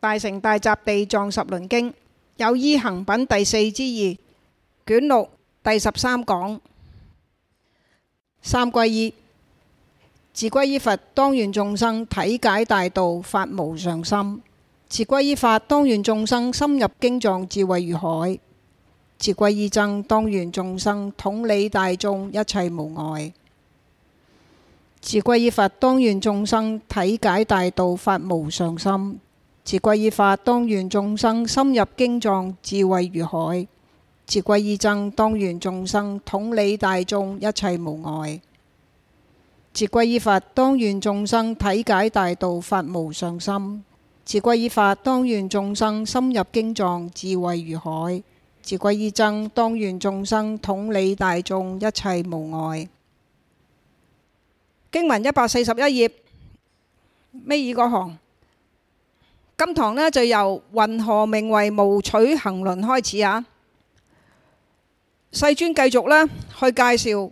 大乘大集地藏十輪經有依行品第四之二卷六第十三講。三歸依，自歸依佛，當願眾生體解大道，發無上心；自歸依法，當願眾生深入經藏，智慧如海；自歸依僧，當願眾生統理大眾，一切無礙。自歸依佛，當願眾生體解大道，發無上心。自歸依法，當願眾生深入經藏，智慧如海；自歸依僧，當願眾生統理大眾，一切無礙；自歸依佛，當願眾生體解大道，發無上心；自歸依法，當願眾生深入經藏，智慧如海；自歸依僧，當願眾生統理大眾，一切無礙。經文一百四十一頁尾二嗰行。今堂咧就由雲何名為無取行輪開始啊，世尊繼續咧去介紹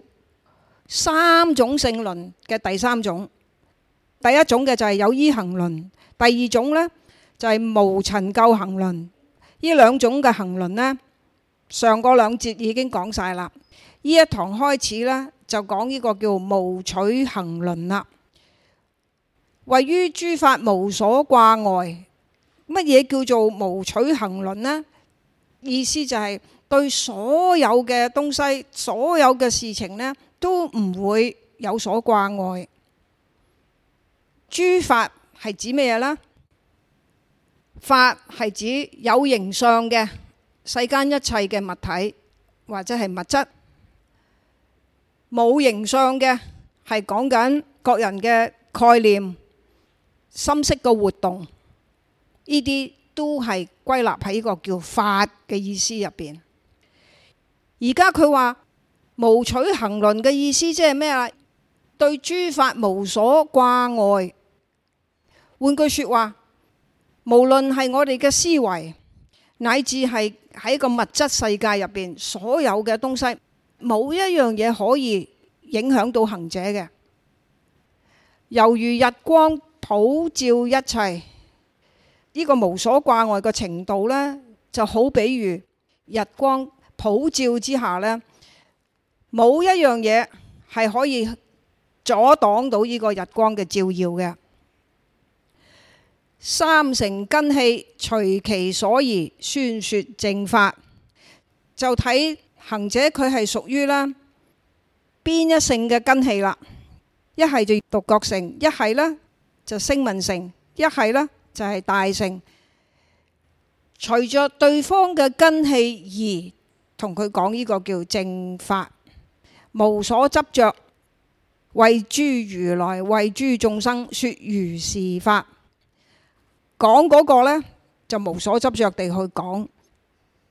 三種聖輪嘅第三種，第一種嘅就係有依行輪，第二種咧就係無塵垢行輪，呢兩種嘅行輪咧，上個兩節已經講晒啦。呢一堂開始咧就講呢個叫無取行輪啦，謂於諸法無所罣礙。乜嘢叫做無取行輪咧？意思就係對所有嘅東西、所有嘅事情咧，都唔會有所掛礙。諸法係指咩嘢咧？法係指有形相嘅世間一切嘅物體或者係物質，冇形相嘅係講緊各人嘅概念、心識嘅活動。呢啲都係歸納喺個叫法嘅意思入邊。而家佢話無取行輪嘅意思即係咩啦？對諸法無所掛礙。換句説話，無論係我哋嘅思維，乃至係喺個物質世界入邊所有嘅東西，冇一樣嘢可以影響到行者嘅。猶如日光普照一切。呢個無所掛礙嘅程度呢，就好比如日光普照之下呢，冇一樣嘢係可以阻擋到呢個日光嘅照耀嘅。三乘根器，隨其所宜，宣說正法，就睇行者佢係屬於啦邊一乘嘅根器啦。一係就獨覺乘，一係呢就聲聞乘，一係呢。就係大乘，隨着對方嘅根器而同佢講呢個叫正法，無所執著，為諸如來，為諸眾生説如是法。講嗰個呢就無所執著地去講，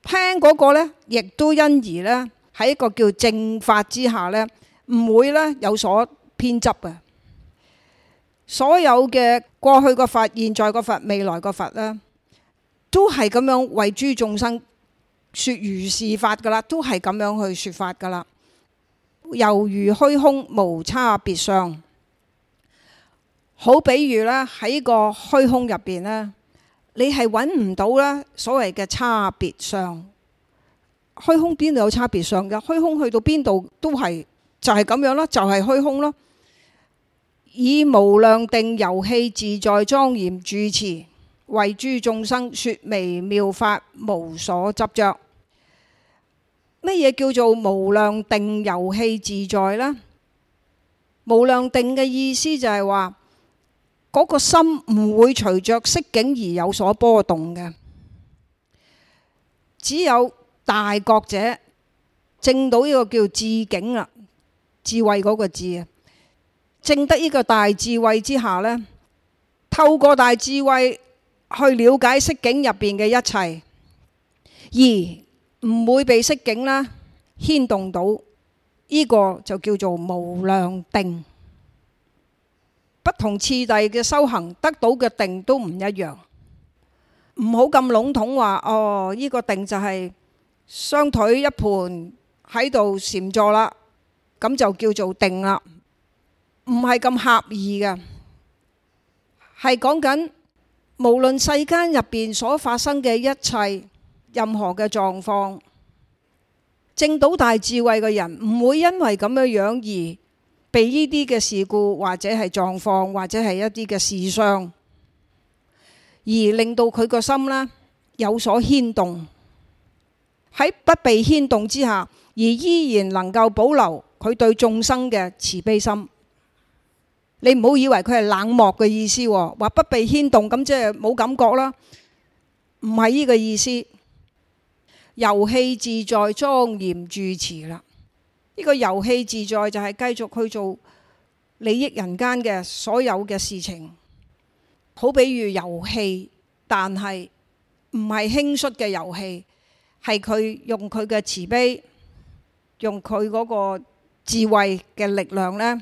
聽嗰個呢亦都因而呢喺一個叫正法之下呢，唔會呢有所偏執嘅。所有嘅過去個佛、現在個佛、未來個佛咧，都係咁樣為諸眾生説如是法噶啦，都係咁樣去説法噶啦。猶如虛空，無差別相。好，比如咧，喺個虛空入邊咧，你係揾唔到咧所謂嘅差別相。虛空邊度有差別相嘅？虛空去到邊度都係就係咁樣咯，就係虛空咯。以無量定遊戲自在莊嚴住持，為諸眾生說微妙法，無所執着。乜嘢叫做無量定遊戲自在呢？無量定嘅意思就係話嗰個心唔會隨着色境而有所波動嘅，只有大覺者證到呢個叫智境啦，智慧嗰個智啊。正得呢個大智慧之下呢，透過大智慧去了解色境入邊嘅一切，而唔會被色境啦牽動到。呢個就叫做無量定。不同次第嘅修行得到嘅定都唔一樣。唔好咁籠統話哦，呢個定就係雙腿一盤喺度禪坐啦，咁就叫做定啦。唔係咁狹義嘅，係講緊無論世間入邊所發生嘅一切，任何嘅狀況，正到大智慧嘅人唔會因為咁嘅樣而被呢啲嘅事故或者係狀況或者係一啲嘅事傷而令到佢個心啦有所牽動。喺不被牽動之下，而依然能夠保留佢對眾生嘅慈悲心。你唔好以為佢係冷漠嘅意思哦，話不被牽動咁即係冇感覺啦，唔係呢個意思。遊戲自在莊嚴住持啦，呢個遊戲自在就係繼續去做利益人間嘅所有嘅事情，好比如遊戲，但係唔係輕率嘅遊戲，係佢用佢嘅慈悲，用佢嗰個智慧嘅力量呢。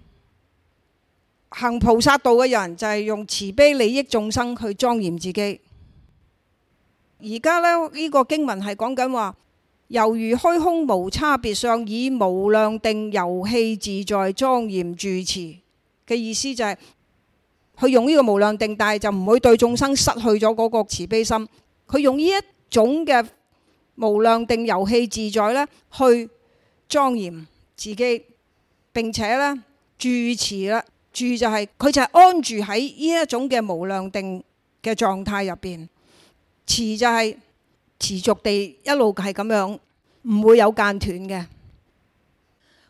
行菩薩道嘅人就係、是、用慈悲利益眾生去莊嚴自己。而家咧呢個經文係講緊話，猶如虛空無差別相，以無量定遊戲自在莊嚴住持嘅意思就係、是、佢用呢個無量定，但係就唔會對眾生失去咗嗰個慈悲心。佢用呢一種嘅無量定遊戲自在呢去莊嚴自己，並且呢住持啦。住就係佢就係安住喺呢一種嘅無量定嘅狀態入邊，持就係持續地一路係咁樣，唔會有間斷嘅。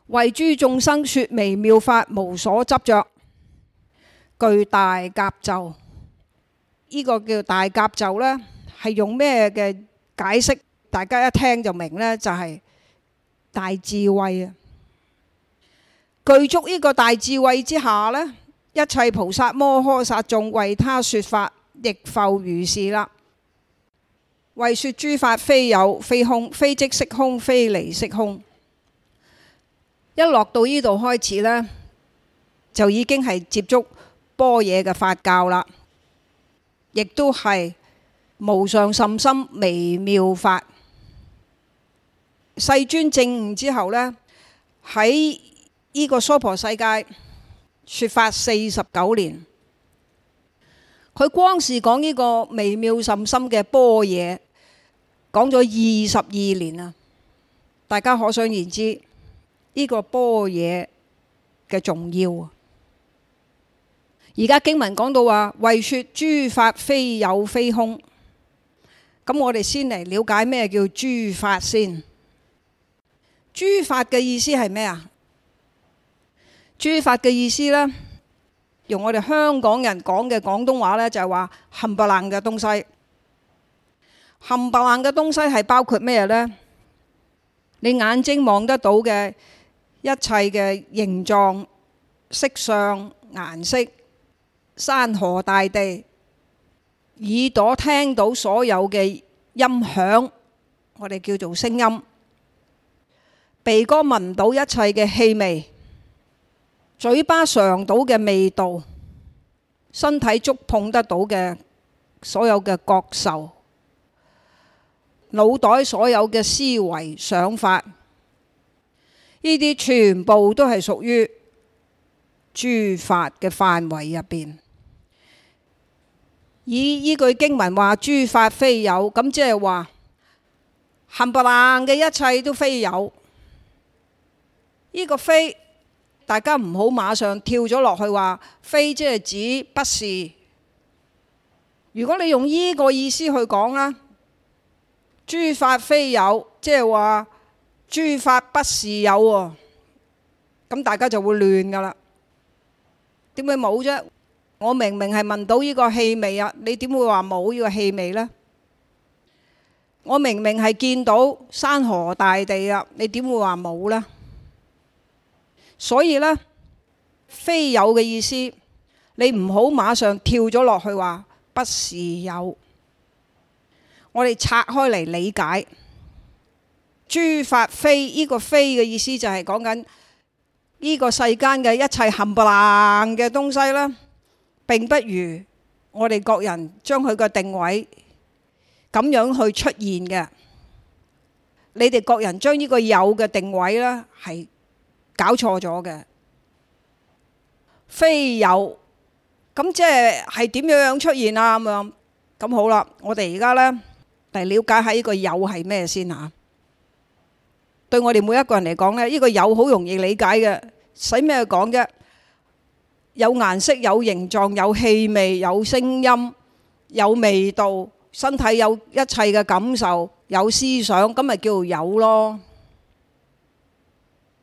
為諸眾生説微妙法，無所執着。具大甲冑，呢個叫大甲冑呢，係用咩嘅解釋？大家一聽就明呢，就係大智慧啊！具足呢個大智慧之下咧，一切菩薩摩訶薩眾為他說法，亦復如是啦。謂說諸法非有非空，非即色空，非離色空。一落到呢度開始呢就已經係接觸般若嘅法教啦，亦都係無上甚深微妙法，世尊證悟之後呢喺。呢個娑婆世界說法四十九年，佢光是講呢個微妙甚深嘅般若，講咗二十二年啦。大家可想而知，呢、這個般若嘅重要。而家經文講到話為說諸法非有非空，咁我哋先嚟了解咩叫諸法先。諸法嘅意思係咩啊？諸法嘅意思呢，用我哋香港人講嘅廣東話呢，就係話冚唪唥嘅東西。冚唪唥嘅東西係包括咩呢？你眼睛望得到嘅一切嘅形狀、色相、顏色、山河大地；耳朵聽到所有嘅音響，我哋叫做聲音；鼻哥聞唔到一切嘅氣味。嘴巴嘗到嘅味道，身體觸碰得到嘅所有嘅覺受，腦袋所有嘅思維想法，呢啲全部都係屬於諸法嘅範圍入邊。以呢句經文話諸法非有，咁即係話冚唪唥嘅一切都非有，呢、這個非。大家唔好馬上跳咗落去話非即係指不是。如果你用呢個意思去講啦，諸法非有，即係話諸法不是有喎，咁大家就會亂噶啦。點會冇啫？我明明係聞到呢個氣味啊，你點會話冇呢個氣味呢？我明明係見到山河大地啊，你點會話冇呢？所以呢，非有嘅意思，你唔好馬上跳咗落去話不是有。我哋拆開嚟理解，諸法非呢個非嘅意思就係講緊呢個世間嘅一切冚唪唥嘅東西啦。並不如我哋各人將佢嘅定位咁樣去出現嘅。你哋各人將呢個有嘅定位咧，係。搞錯咗嘅非有，咁即係點樣樣出現啊？咁樣咁。好啦，我哋而家呢嚟，了解下呢個有係咩先吓？對我哋每一個人嚟講呢，呢個有好容易理解嘅，使咩講啫？有顏色、有形狀、有氣味、有聲音、有味道、身體有一切嘅感受、有思想，咁咪叫做有咯。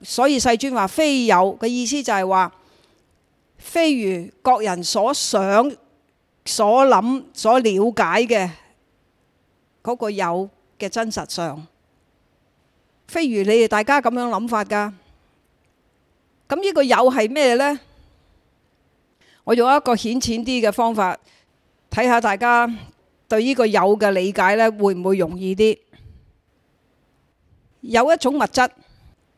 所以世尊話非有嘅意思就係話，非如各人所想、所諗、所了解嘅嗰、這個有嘅真實上，非如你哋大家咁樣諗法噶。咁、這、呢個有係咩呢？我用一個顯淺啲嘅方法，睇下大家對呢個有嘅理解咧，會唔會容易啲？有一種物質。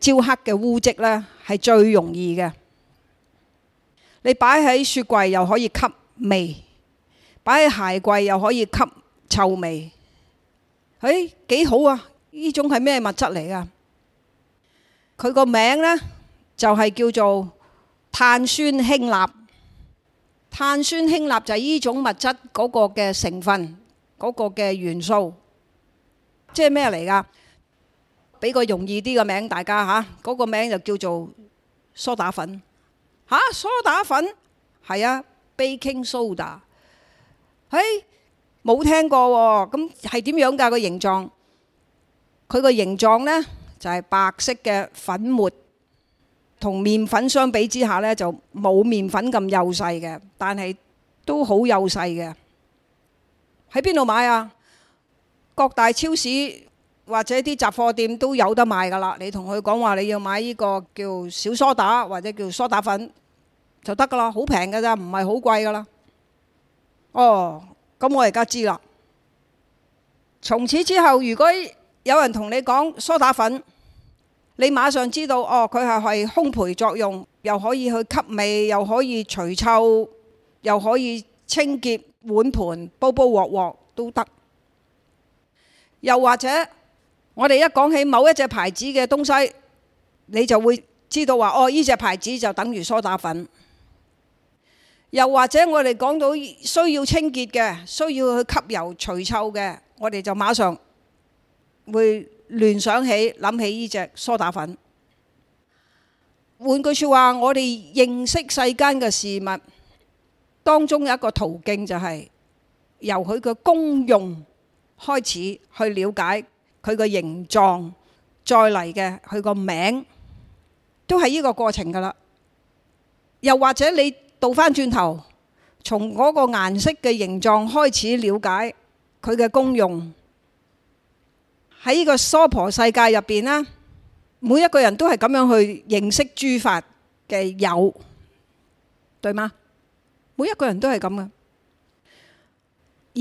焦黑嘅污漬呢係最容易嘅，你擺喺雪櫃又可以吸味，擺喺鞋櫃又可以吸臭味，誒幾好啊！呢種係咩物質嚟噶佢個名呢就係、是，叫做碳酸氫鈉，碳酸氫鈉就係呢種物質嗰個嘅成分，嗰、個嘅元素，即係咩嚟噶俾個容易啲嘅名大家吓，嗰個名就叫做梳打粉吓。梳打粉？係啊，Baking Soda。誒，冇聽過喎。咁係點樣㗎？個形狀，佢個形狀呢就係白色嘅粉末，同麵粉相比之下呢就冇麵粉咁幼細嘅，但係都好幼細嘅。喺邊度買啊？各大超市。或者啲雜貨店都有得賣㗎啦，你同佢講話你要買呢個叫小梳打或者叫梳打粉就得㗎啦，好平㗎咋，唔係好貴㗎啦。哦，咁我而家知啦。從此之後，如果有人同你講梳打粉，你馬上知道哦，佢係係烘焙作用，又可以去吸味，又可以除臭，又可以清潔碗盤、煲煲鑊鑊都得。又或者，我哋一講起某一隻牌子嘅東西，你就會知道話哦，呢隻牌子就等於梳打粉。又或者我哋講到需要清潔嘅、需要去吸油除臭嘅，我哋就馬上會聯想起諗起呢隻梳打粉。換句説話，我哋認識世間嘅事物，當中有一個途徑就係由佢嘅功用開始去了解。佢個形狀，再嚟嘅佢個名，都係呢個過程噶啦。又或者你倒翻轉頭，從嗰個顏色嘅形狀開始了解佢嘅功用。喺呢個娑婆世界入邊呢，每一個人都係咁樣去認識諸法嘅有，對嗎？每一個人都係咁嘅。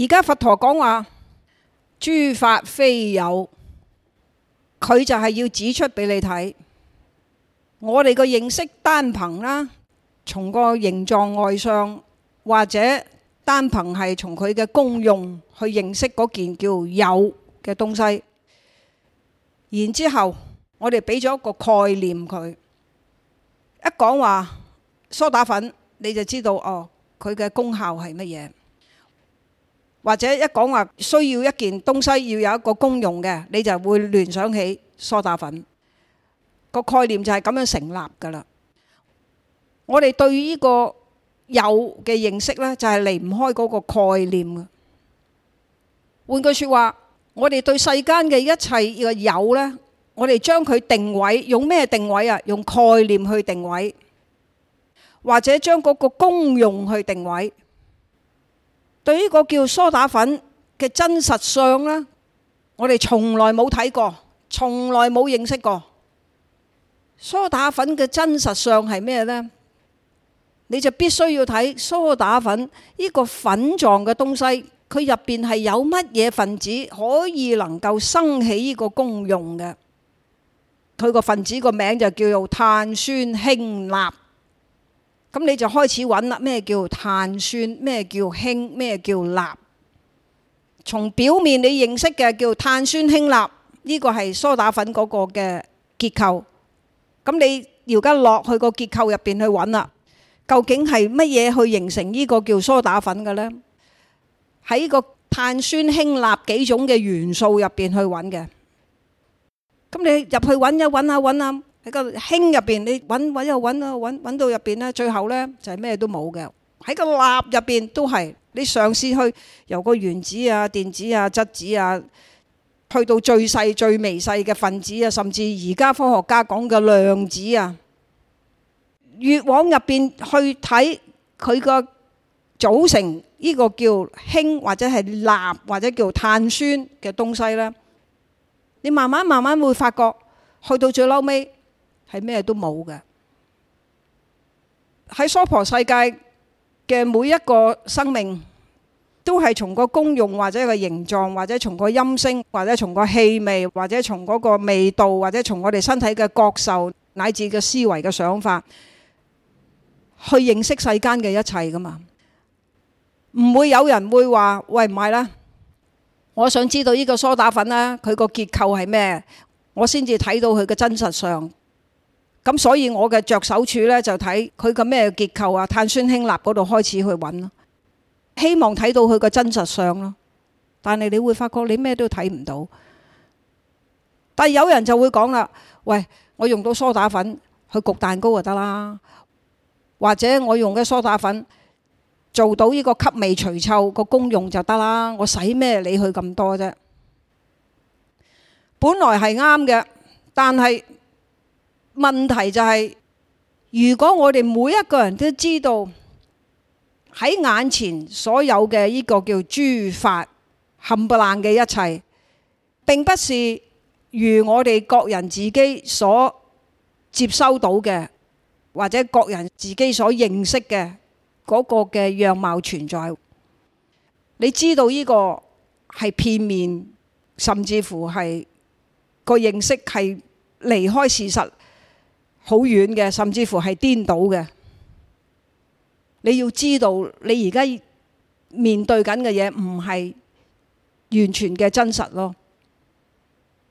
而家佛陀講話。諸法非有，佢就係要指出俾你睇，我哋個認識單憑啦，從個形狀外相，或者單憑係從佢嘅功用去認識嗰件叫有嘅東西。然之後，我哋俾咗一個概念佢，一講話梳打粉，你就知道哦，佢嘅功效係乜嘢？或者一講話需要一件東西要有一個功用嘅，你就會聯想起梳打粉個概念就係咁樣成立噶啦。我哋對於呢個有嘅認識呢，就係離唔開嗰個概念。換句説話，我哋對世間嘅一切嘅有呢，我哋將佢定位用咩定位啊？用概念去定位，或者將嗰個功用去定位。對於個叫梳打粉嘅真實相呢，我哋從來冇睇過，從來冇認識過。梳打粉嘅真實相係咩呢？你就必須要睇梳打粉呢個粉狀嘅東西，佢入邊係有乜嘢分子可以能夠生起呢個功用嘅？佢個分子個名就叫做碳酸氫鈉。咁你就開始揾啦，咩叫碳酸？咩叫氫？咩叫鈉？從表面你認識嘅叫碳酸氫鈉，呢個係梳打粉嗰個嘅結構。咁你而家落去個結構入邊去揾啦，究竟係乜嘢去形成呢個叫梳打粉嘅呢？喺個碳酸氫鈉幾種嘅元素入邊去揾嘅。咁你入去揾一揾下，揾下。喺個氫入邊，你揾揾又揾啊揾揾到入邊咧，最後咧就係咩都冇嘅。喺個蠟入邊都係，你嘗試去由個原子啊、電子啊、質子啊，去到最細最微細嘅分子啊，甚至而家科學家講嘅量子啊，越往入邊去睇佢個組成，呢個叫氫或者係蠟或者叫碳酸嘅東西咧，你慢慢慢慢會發覺，去到最撈尾。係咩都冇嘅。喺娑婆世界嘅每一個生命，都係從個功用或者個形狀，或者從個音聲，或者從個氣味，或者從嗰個味道，或者從我哋身體嘅覺受，乃至嘅思維嘅想法，去認識世間嘅一切噶嘛。唔會有人會話：喂，唔係啦，我想知道呢個梳打粉啦，佢個結構係咩，我先至睇到佢嘅真實相。咁所以我嘅着手處咧，就睇佢個咩結構啊，碳酸氫鈉嗰度開始去揾咯，希望睇到佢嘅真實相咯。但係你會發覺你咩都睇唔到。但係有人就會講啦：喂，我用到梳打粉去焗蛋糕就得啦，或者我用嘅梳打粉做到呢個吸味除臭個功用就得啦。我使咩理佢咁多啫？本來係啱嘅，但係。問題就係，如果我哋每一個人都知道喺眼前所有嘅呢個叫諸法冚唪唥嘅一切，並不是如我哋各人自己所接收到嘅，或者各人自己所認識嘅嗰個嘅樣貌存在，你知道呢個係片面，甚至乎係個認識係離開事實。好遠嘅，甚至乎係顛倒嘅。你要知道，你而家面對緊嘅嘢唔係完全嘅真實咯。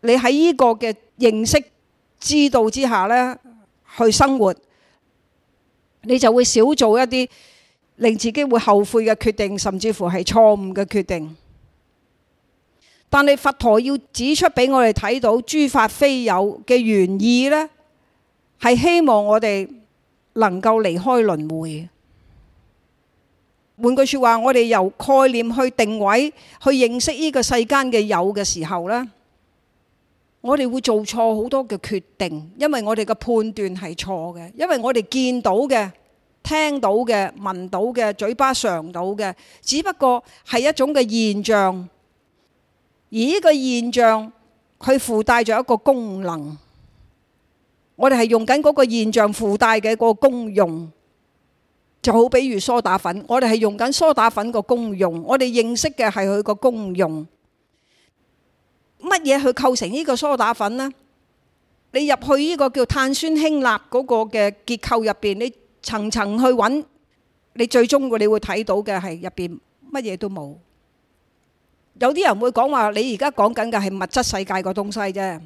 你喺呢個嘅認識知道之下呢，去生活，你就會少做一啲令自己會後悔嘅決定，甚至乎係錯誤嘅決定。但係佛陀要指出俾我哋睇到諸法非有嘅原意呢，係希望我哋能夠離開輪迴。換句說話，我哋由概念去定位、去認識呢個世間嘅有嘅時候呢，我哋會做錯好多嘅決定，因為我哋嘅判斷係錯嘅。因為我哋見到嘅、聽到嘅、聞到嘅、嘴巴嘗到嘅，只不過係一種嘅現象，而呢個現象佢附帶咗一個功能。我哋係用緊嗰個現象附帶嘅嗰個功用，就好比如梳打粉，我哋係用緊梳打粉個功用，我哋認識嘅係佢個功用。乜嘢去構成呢個梳打粉呢？你入去呢個叫碳酸氫鈉嗰個嘅結構入邊，你層層去揾，你最終你會睇到嘅係入邊乜嘢都冇。有啲人會講話，你而家講緊嘅係物質世界個東西啫。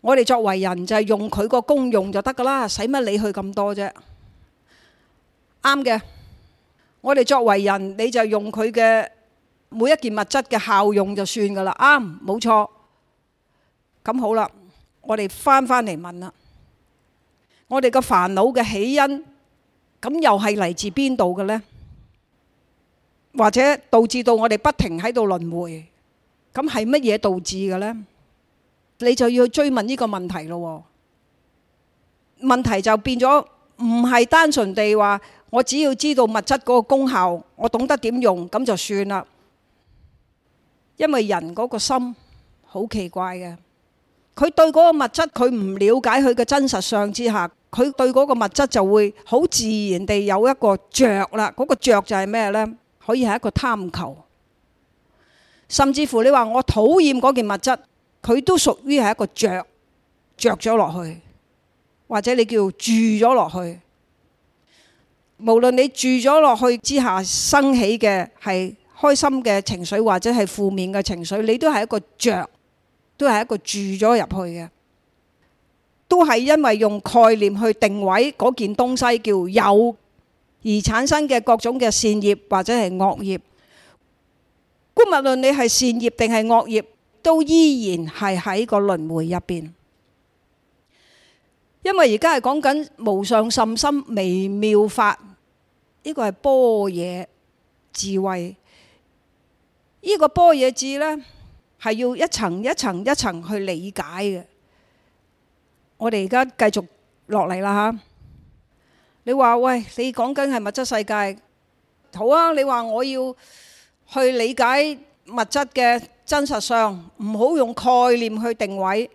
我哋作為人就係用佢個功用就得噶啦，使乜理佢咁多啫？啱嘅。我哋作為人，你就用佢嘅每一件物質嘅效用就算噶啦，啱，冇錯。咁好啦，我哋翻翻嚟問啦。我哋個煩惱嘅起因，咁又係嚟自邊度嘅呢？或者導致到我哋不停喺度輪迴，咁係乜嘢導致嘅呢？你就要去追問呢個問題咯。哦，問題就變咗唔係單純地話，我只要知道物質嗰個功效，我懂得點用咁就算啦。因為人嗰個心好奇怪嘅，佢對嗰個物質佢唔了解佢嘅真實相之下，佢對嗰個物質就會好自然地有一個着啦。嗰、那個着就係咩呢？可以係一個貪求，甚至乎你話我討厭嗰件物質。佢都屬於係一個着，着咗落去，或者你叫住咗落去。無論你住咗落去之下生起嘅係開心嘅情緒，或者係負面嘅情緒，你都係一個着，都係一個住咗入去嘅，都係因為用概念去定位嗰件東西叫有，而產生嘅各種嘅善業或者係惡業。姑勿論你係善業定係惡業。都依然係喺個輪迴入邊，因為而家係講緊無上甚深微妙法，呢個係般若智慧。呢個般若智呢係要一層一層一層去理解嘅。我哋而家繼續落嚟啦吓。你話喂，你講緊係物質世界，好啊。你話我要去理解物質嘅。真實上唔好用概念去定位，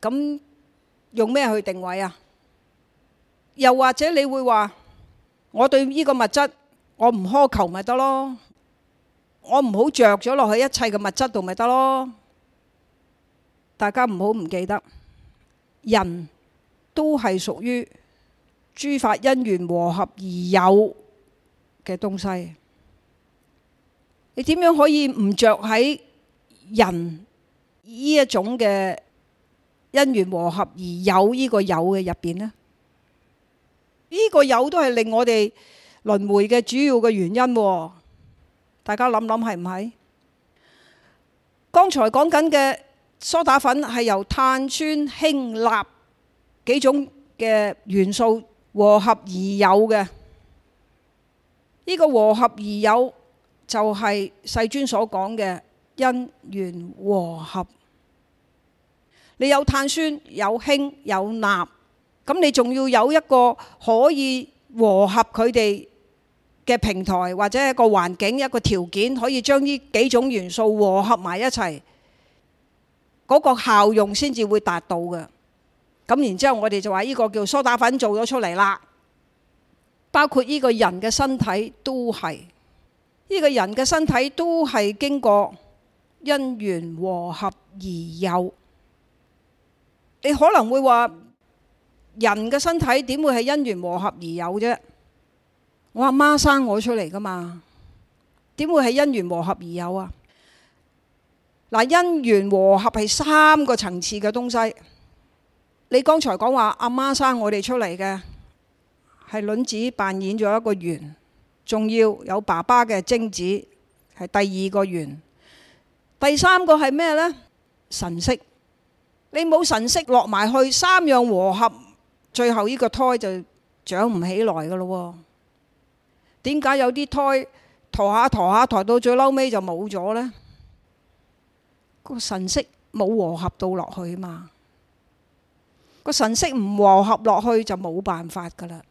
咁用咩去定位啊？又或者你會話我對呢個物質，我唔苛求咪得咯？我唔好着咗落去一切嘅物質度咪得咯？大家唔好唔記得，人都係屬於諸法因緣和合而有嘅東西。你點樣可以唔着喺人呢一種嘅因緣和合而有呢個有嘅入邊呢？呢個有都係令我哋輪迴嘅主要嘅原因、哦。大家諗諗係唔係？剛才講緊嘅梳打粉係由碳酸氫鈉幾種嘅元素和合而有嘅。呢個和合而有。就係世尊所講嘅因緣和合。你有碳酸、有氫、有鈉，咁你仲要有一個可以和合佢哋嘅平台或者一個環境、一個條件，可以將呢幾種元素和合埋一齊，嗰、那個效用先至會達到嘅。咁然之後，我哋就話呢個叫梳打粉做咗出嚟啦。包括呢個人嘅身體都係。呢個人嘅身體都係經過因緣和合而有。你可能會話，人嘅身體點會係因緣和合而有啫？我阿媽生我出嚟㗎嘛？點會係因緣和合而有啊？嗱，因緣和合係三個層次嘅東西。你剛才講話阿媽生我哋出嚟嘅係卵子扮演咗一個緣。仲要有爸爸嘅精子，係第二個緣。第三個係咩呢？神識，你冇神識落埋去，三樣和合，最後呢個胎就長唔起來噶咯。點解有啲胎抬下抬下抬到最嬲尾就冇咗呢？個神識冇和合到落去嘛？個神識唔和合落去就冇辦法噶啦。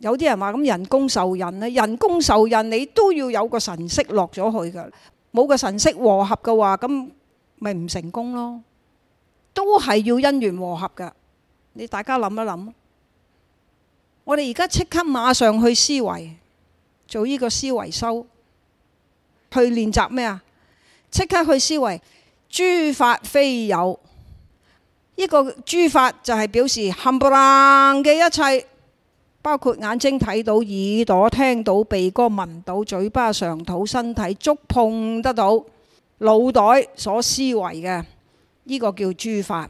有啲人話咁人工受孕咧，人工受孕你都要有個神識落咗去噶，冇個神識和合嘅話，咁咪唔成功咯。都係要因緣和合嘅，你大家諗一諗。我哋而家即刻馬上去思維，做呢個思維修，去練習咩啊？即刻去思維，諸法非有，呢個諸法就係表示冚唪唥嘅一切。包括眼睛睇到、耳朵聽到、鼻哥聞到、嘴巴嚐到、身體觸碰得到、腦袋所思維嘅，呢、這個叫諸法。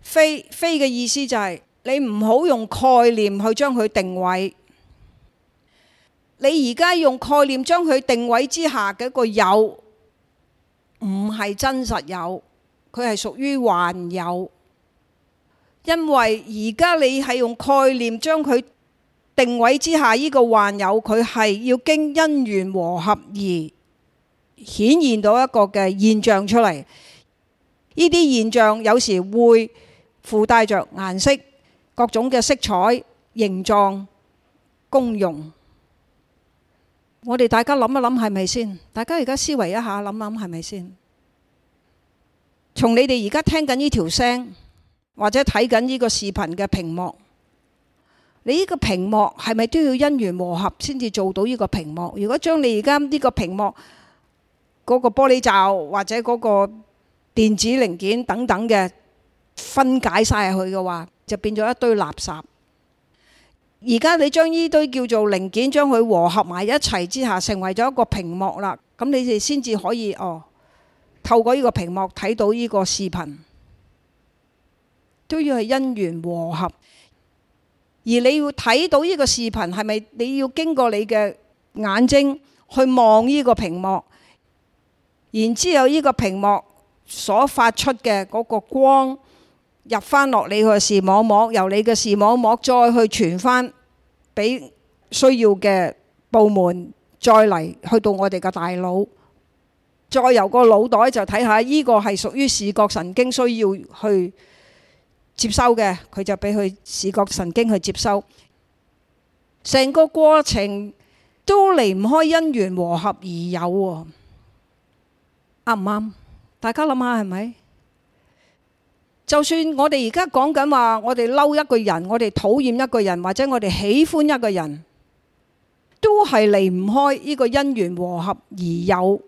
非非嘅意思就係、是、你唔好用概念去將佢定位。你而家用概念將佢定位之下嘅一個有，唔係真實有，佢係屬於幻有。因為而家你係用概念將佢定位之下，呢、這個幻有佢係要經因緣和合而顯現到一個嘅現象出嚟。呢啲現象有時會附帶着顏色、各種嘅色彩、形狀、功用。我哋大家諗一諗係咪先？大家而家思維一下諗諗係咪先？從你哋而家聽緊呢條聲。或者睇緊呢個視頻嘅屏幕，你呢個屏幕係咪都要因緣和合先至做到呢個屏幕？如果將你而家呢個屏幕嗰個玻璃罩或者嗰個電子零件等等嘅分解曬去嘅話，就變咗一堆垃圾。而家你將呢堆叫做零件，將佢和合埋一齊之下，成為咗一個屏幕啦。咁你哋先至可以哦，透過呢個屏幕睇到呢個視頻。都要係因緣和合，而你要睇到呢個視頻係咪？是是你要經過你嘅眼睛去望呢個屏幕，然之後呢個屏幕所發出嘅嗰個光入翻落你個視網膜，由你嘅視網膜再去傳翻俾需要嘅部門，再嚟，去到我哋嘅大腦，再由個腦袋就睇下呢個係屬於視覺神經需要去接收嘅佢就俾佢視覺神經去接收，成個過程都離唔開因緣和合而有，啱唔啱？大家諗下係咪？就算我哋而家講緊話，我哋嬲一個人，我哋討厭一個人，或者我哋喜歡一個人，都係離唔開呢個因緣和合而有。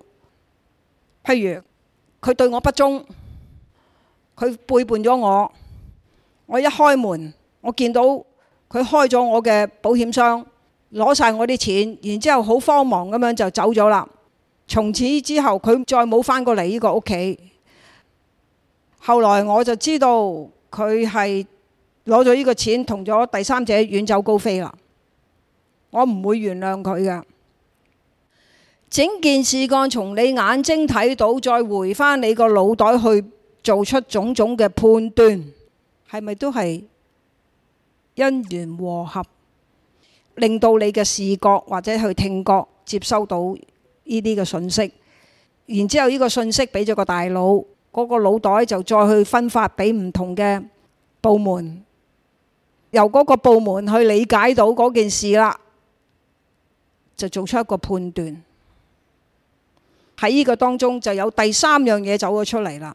譬如佢對我不忠，佢背叛咗我。我一開門，我見到佢開咗我嘅保險箱，攞晒我啲錢，然之後好慌忙咁樣就走咗啦。從此之後，佢再冇返過嚟呢個屋企。後來我就知道佢係攞咗呢個錢，同咗第三者遠走高飛啦。我唔會原諒佢嘅。整件事幹從你眼睛睇到，再回返你個腦袋去做出種種嘅判斷。係咪都係因緣和合，令到你嘅視覺或者去聽覺接收到呢啲嘅信息，然之後呢個信息俾咗個大腦，嗰個腦袋就再去分發俾唔同嘅部門，由嗰個部門去理解到嗰件事啦，就做出一個判斷。喺呢個當中就有第三樣嘢走咗出嚟啦。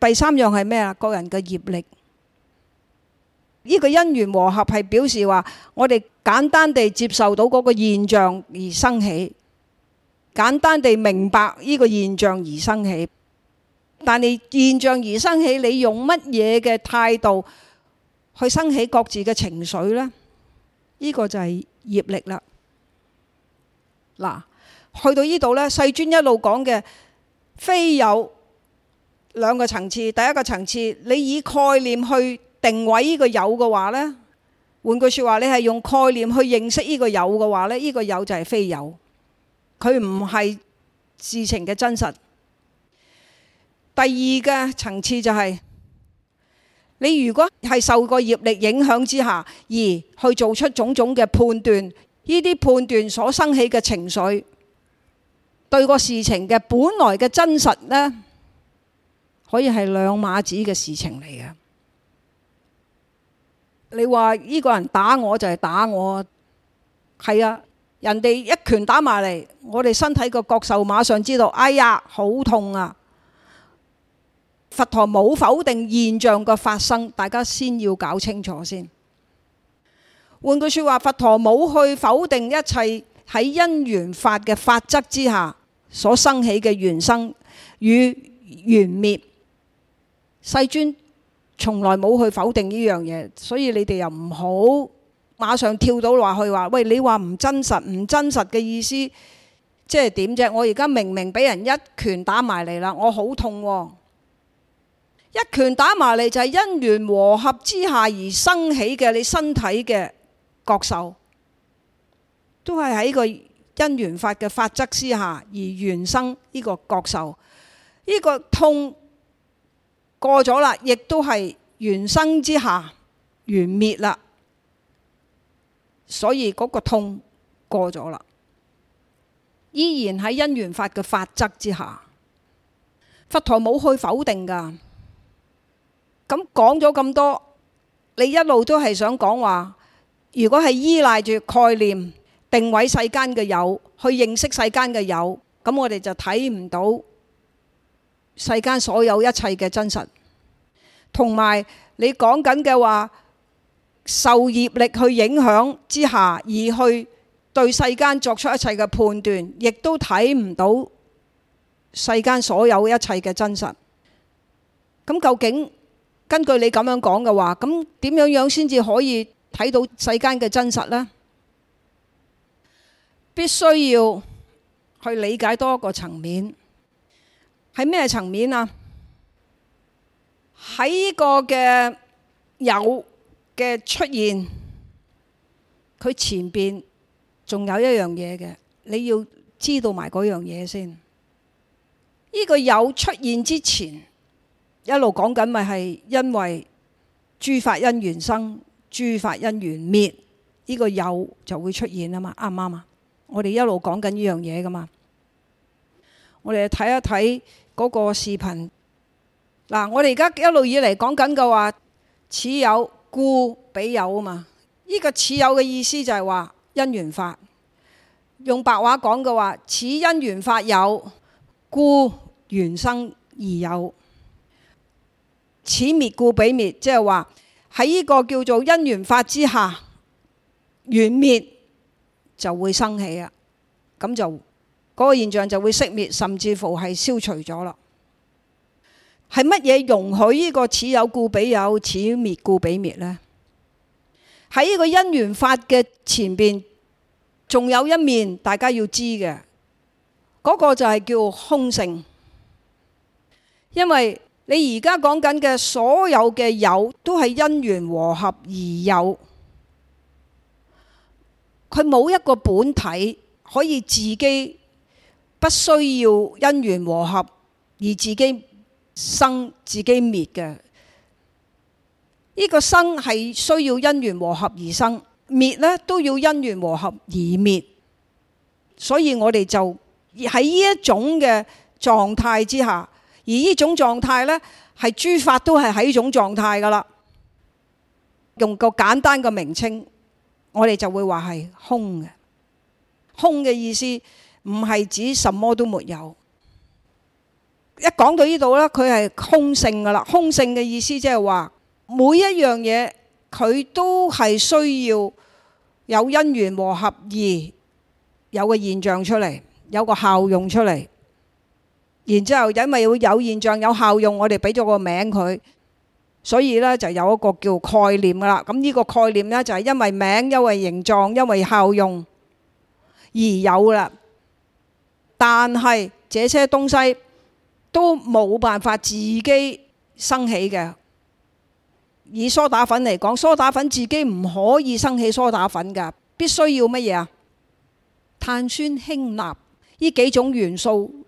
第三樣係咩啊？個人嘅業力，呢個因緣和合係表示話，我哋簡單地接受到嗰個現象而生起，簡單地明白呢個現象而生起。但你現象而生起，你用乜嘢嘅態度去生起各自嘅情緒呢？呢個就係業力啦。嗱，去到呢度呢，世尊一路講嘅非有。兩個層次，第一個層次，你以概念去定位呢個有嘅話呢，換句説話，你係用概念去認識呢個有嘅話咧，呢、呢個有就係非有，佢唔係事情嘅真實。第二個層次就係、係，你如果係受個業力影響之下，而去做出種種嘅判斷，呢啲判斷所生起嘅情緒，對個事情嘅本來嘅真實呢。可以係兩碼子嘅事情嚟嘅。你話呢個人打我就係打我，係啊，人哋一拳打埋嚟，我哋身體個覺受馬上知道，哎呀，好痛啊！佛陀冇否定現象嘅發生，大家先要搞清楚先。換句説話，佛陀冇去否定一切喺因緣法嘅法則之下所生起嘅緣生與緣滅。世尊從來冇去否定呢樣嘢，所以你哋又唔好馬上跳到落去話，喂，你話唔真實，唔真實嘅意思即係點啫？我而家明明俾人一拳打埋嚟啦，我好痛喎！一拳打埋嚟就係因緣和合之下而生起嘅你身體嘅角受，都係喺個因緣法嘅法則之下而原生呢個角受，呢個痛。過咗啦，亦都係緣生之下，緣滅啦，所以嗰個痛過咗啦。依然喺因緣法嘅法則之下，佛陀冇去否定噶。咁講咗咁多，你一路都係想講話，如果係依賴住概念定位世間嘅有，去認識世間嘅有，咁我哋就睇唔到。世間所有一切嘅真實，同埋你講緊嘅話，受業力去影響之下，而去對世間作出一切嘅判斷，亦都睇唔到世間所有一切嘅真實。咁究竟根據你咁樣講嘅話，咁點樣樣先至可以睇到世間嘅真實呢？必須要去理解多個層面。喺咩層面啊？喺呢個嘅有嘅出現，佢前邊仲有一樣嘢嘅，你要知道埋嗰樣嘢先。呢個有出現之前，一路講緊咪係因為諸法因緣生，諸法因緣滅，呢個有就會出現啊嘛？啱唔啱啊？我哋一路講緊呢樣嘢噶嘛？我哋睇一睇。嗰個視頻，嗱，我哋而家一路以嚟講緊嘅話，此有故彼有啊嘛。呢、這個此有嘅意思就係話因緣法，用白話講嘅話，此因緣法有，故緣生而有，此滅故彼滅，即係話喺呢個叫做因緣法之下，緣滅就會生起啊，咁就。嗰個現象就會熄滅，甚至乎係消除咗啦。係乜嘢容許呢個此有故彼有，此滅故彼滅呢？喺呢個因緣法嘅前邊，仲有一面大家要知嘅，嗰個就係叫空性。因為你而家講緊嘅所有嘅有，都係因緣和合而有，佢冇一個本體可以自己。不需要因緣和合而自己生、自己滅嘅，呢個生係需要因緣和合而生，滅咧都要因緣和合而滅。所以我哋就喺呢一種嘅狀態之下，而呢種狀態呢，係諸法都係喺呢種狀態噶啦。用個簡單嘅名稱，我哋就會話係空嘅。空嘅意思。唔係指什麼都沒有。一講到呢度呢，佢係空性噶啦。空性嘅意思即係話，每一樣嘢佢都係需要有因緣和合而有個現象出嚟，有個效用出嚟。然之後，因為會有現象有效用，我哋俾咗個名佢，所以呢就有一個叫概念噶啦。咁呢個概念呢就係因為名，因為形狀，因為效用而有啦。但係這些東西都冇辦法自己生起嘅。以梳打粉嚟講，梳打粉自己唔可以生起梳打粉㗎，必須要乜嘢啊？碳酸氫鈉呢幾種元素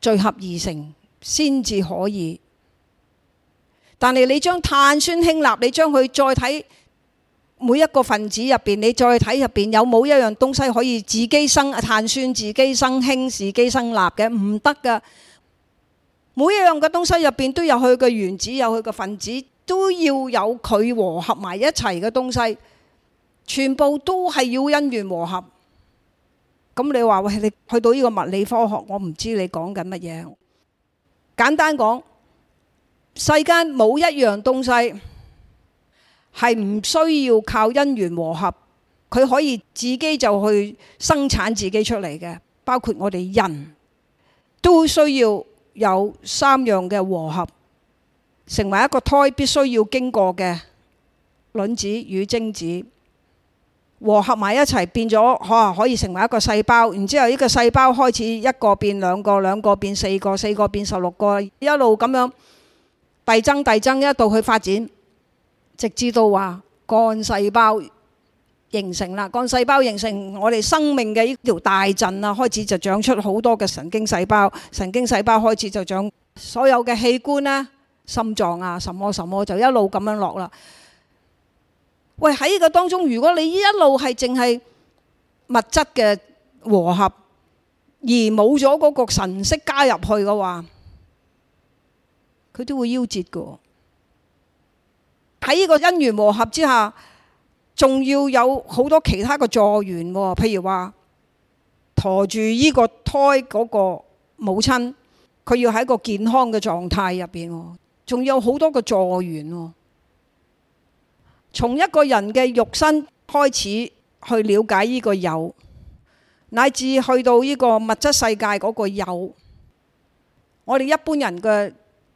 聚合而成，先至可以。但係你將碳酸氫鈉，你將佢再睇。每一個分子入邊，你再睇入邊有冇一樣東西可以自己生碳酸、自己生氫、自己生鈉嘅？唔得㗎！每一樣嘅東西入邊都有佢嘅原子，有佢嘅分子，都要有佢和合埋一齊嘅東西。全部都係要因緣和合。咁你話喂，你去到呢個物理科學，我唔知你講緊乜嘢。簡單講，世間冇一樣東西。係唔需要靠因緣和合，佢可以自己就去生產自己出嚟嘅。包括我哋人都需要有三樣嘅和合，成為一個胎必須要經過嘅卵子與精子和合埋一齊變咗，嚇、啊、可以成為一個細胞。然之後呢個細胞開始一個變兩個，兩個變四個，四個變十六個，一路咁樣遞增遞增，一路去發展。直至到話幹細胞形成啦，幹細胞形成我哋生命嘅呢條大陣啦，開始就長出好多嘅神經細胞，神經細胞開始就長所有嘅器官咧，心臟啊，什麼什麼就一路咁樣落啦。喂，喺呢個當中，如果你一路係淨係物質嘅和合，而冇咗嗰個神識加入去嘅話，佢都會夭折嘅。喺呢個因緣磨合之下，仲要有好多其他嘅助緣喎。譬如話，駝住呢個胎嗰個母親，佢要喺一個健康嘅狀態入邊，仲有好多個助緣喎。從一個人嘅肉身開始去了解呢個有，乃至去到呢個物質世界嗰個有，我哋一般人嘅。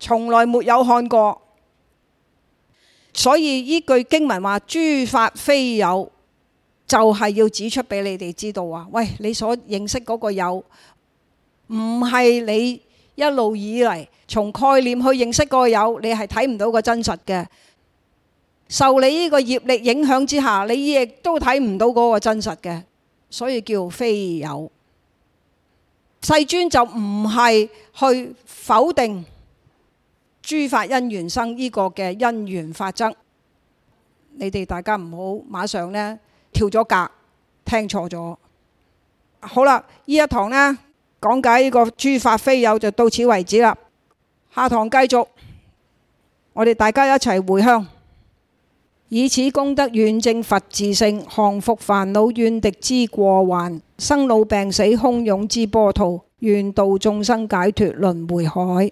從來沒有看過，所以依句經文話諸法非有，就係要指出俾你哋知道啊！喂，你所認識嗰個有，唔係你一路以嚟從概念去認識個有，你係睇唔到個真實嘅。受你呢個業力影響之下，你亦都睇唔到嗰個真實嘅，所以叫非有。世尊就唔係去否定。諸法因緣生，呢個嘅因緣法則，你哋大家唔好馬上呢跳咗格，聽錯咗。好啦，呢一堂呢講解呢個諸法非有，就到此為止啦。下堂繼續，我哋大家一齊回向，以此功德遠正佛自性，降伏煩惱怨敵之過患，生老病死洶湧之波濤，願度眾生解脱輪迴海。